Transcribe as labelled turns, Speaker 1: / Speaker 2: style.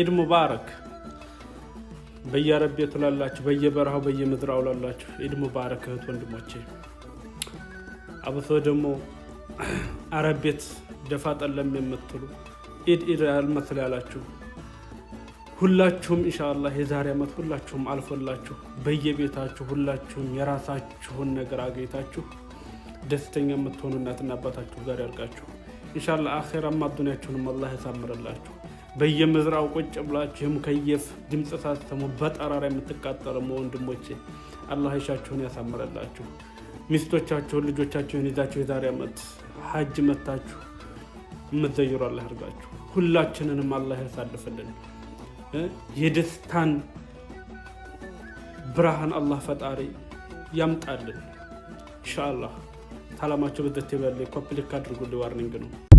Speaker 1: ኢድ ሙባረክ በየአረብ ቤቱ ላላችሁ፣ በየበረሃው በየምድራው ላላችሁ ኢድ ሙባረክ እህት ወንድሞቼ። አብሶ ደግሞ አረብ ቤት ደፋ ጠለም የምትሉ ኢድ ኢድ አልመስል ያላችሁ ሁላችሁም እንሻላ የዛሬ ዓመት ሁላችሁም አልፎላችሁ በየቤታችሁ ሁላችሁም የራሳችሁን ነገር አገኝታችሁ ደስተኛ የምትሆኑ እናትና አባታችሁ ጋር ያልቃችሁ። እንሻላ አኼራማ ዱንያችሁንም አላህ ያሳምርላችሁ። በየመዝራው ቁጭ ብላችሁ የሙከየፍ ድምፅ ሳትሰሙ በጠራራ የምትቃጠሉ ወንድሞቼ አላህ ይሻችሁን ያሳምረላችሁ። ሚስቶቻችሁን ልጆቻችሁን ይዛችሁ የዛሬ ዓመት ሀጅ መታችሁ የምትዘይሩ አላህ ያርጋችሁ። ሁላችንንም አላህ ያሳልፍልን። የደስታን ብርሃን አላህ ፈጣሪ ያምጣልን። ኢንሻአላህ ሰላማችሁ በዘት ይበል። ኮፕሊክ አድርጉልኝ፣ ዋርኒንግ ነው።